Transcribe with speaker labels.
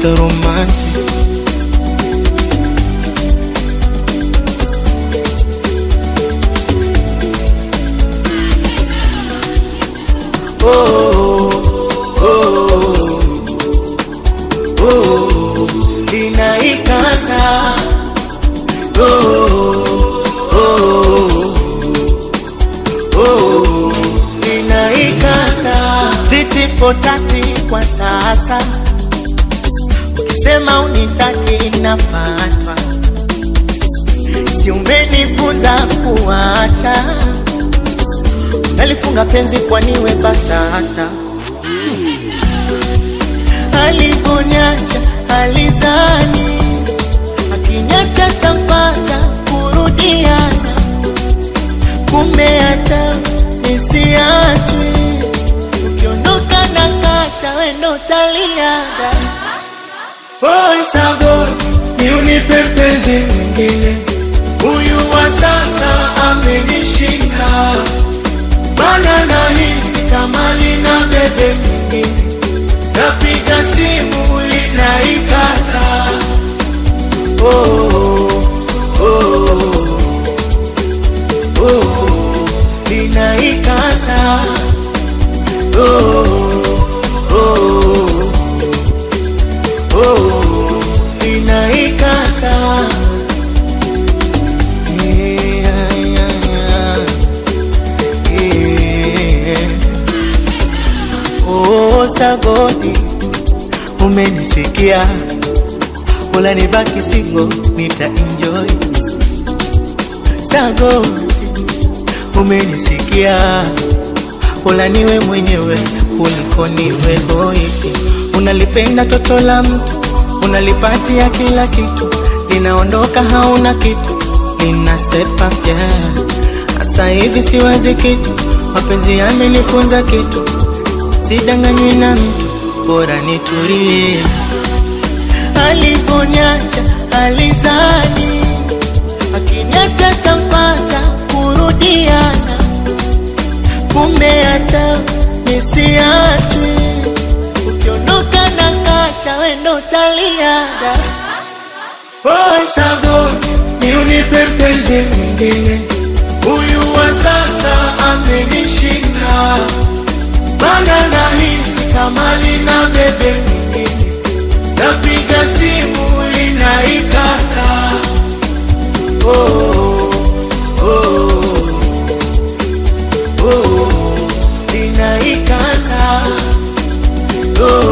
Speaker 1: Mr. Romantic. Oh, oh, oh, oh, ninaikata oh, oh, oh, ninaikata titi fotati kwa sasa Sema unitaki nafatwa, si umenifunza kuacha, alifunga penzi niwe basata, alivonyacha alizani, akinyacha tampata kurudiana, kumbe hata nisiachwi, ukiondoka na kacha wendo taliaga Oh, Isabel, niunipe mpenzi mwingine, huyu wa sasa amenishinda, mana nahisi kama nina bebe mwingine, napiga simu linaikata. Oh, oh, oh, linaikata. Oh, oh. sagoni, umenisikia, unanibaki singo, nita enjoy. Sagoni, umenisikia, niwe mwenyewe kuliko niwe hoi. Unalipenda toto la mtu, unalipatia kila kitu, linaondoka hauna kitu, linasepafya. asa hivi siwezi kitu, mapenzi yamenifunza kitu Sidanganywi na mtu, bora nitulie. Alivonyacha alizani, akinyacha tampata kurudiana, kumbe hata nisiachwi. Ukiondoka na kacha wendo taliaga oh, sago ni unipe mpenzi mwingine huyu wasa Oh.